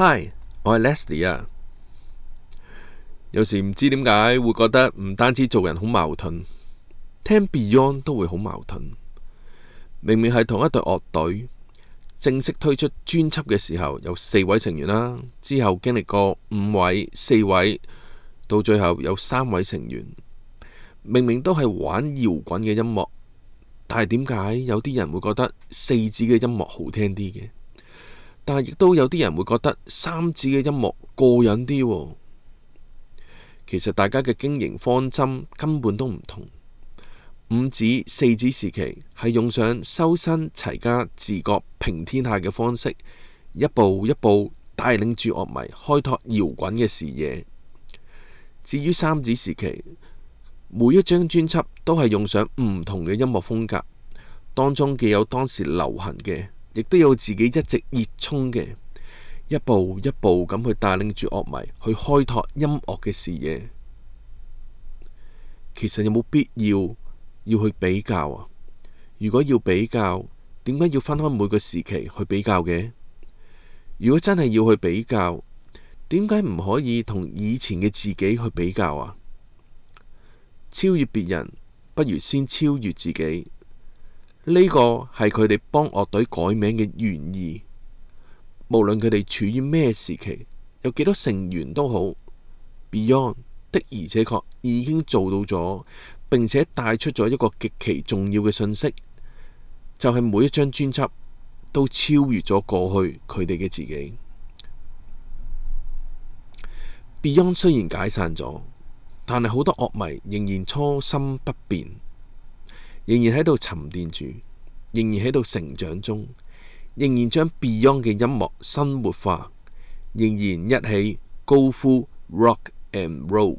Hi，我係 Leslie 啊。有時唔知點解會覺得唔單止做人好矛盾，聽 Beyond 都會好矛盾。明明係同一隊樂隊，正式推出專輯嘅時候有四位成員啦，之後經歷過五位、四位，到最後有三位成員。明明都係玩搖滾嘅音樂，但係點解有啲人會覺得四子嘅音樂好聽啲嘅？但亦都有啲人會覺得三子嘅音樂過癮啲喎。其實大家嘅經營方針根本都唔同。五子、四子時期係用上修身齊家治國平天下嘅方式，一步一步帶領住樂迷開拓搖滾嘅視野。至於三子時期，每一張專輯都係用上唔同嘅音樂風格，當中既有當時流行嘅。亦都有自己一直熱衷嘅，一步一步咁去帶領住樂迷去開拓音樂嘅視野。其實有冇必要要去比較啊？如果要比較，點解要分開每個時期去比較嘅？如果真係要去比較，點解唔可以同以前嘅自己去比較啊？超越別人，不如先超越自己。呢個係佢哋幫樂隊改名嘅原意。無論佢哋處於咩時期，有幾多成員都好，Beyond 的而且確已經做到咗，並且帶出咗一個極其重要嘅信息，就係每一張專輯都超越咗過去佢哋嘅自己。Beyond 雖然解散咗，但係好多樂迷仍然初心不變。仍然喺度沉澱住，仍然喺度成長中，仍然將 Beyond 嘅音樂生活化，仍然一起高呼 Rock and Roll。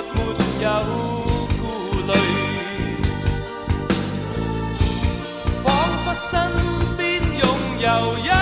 沒有顧慮，彷彿身邊擁有。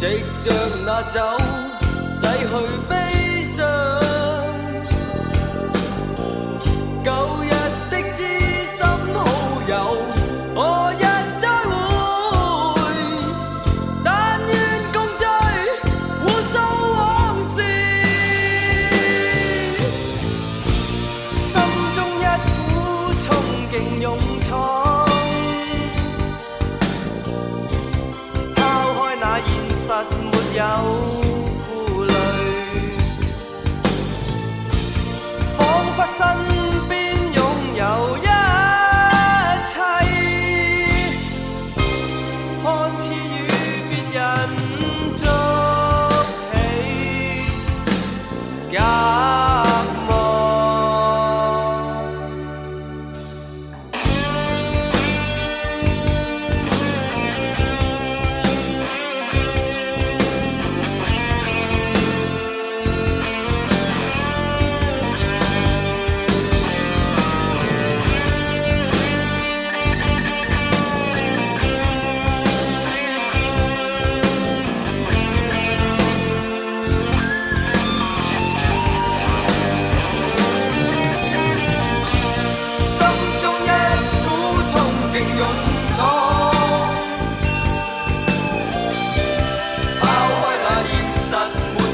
藉著那酒，洗去悲傷。沒有顧慮，彷彿身。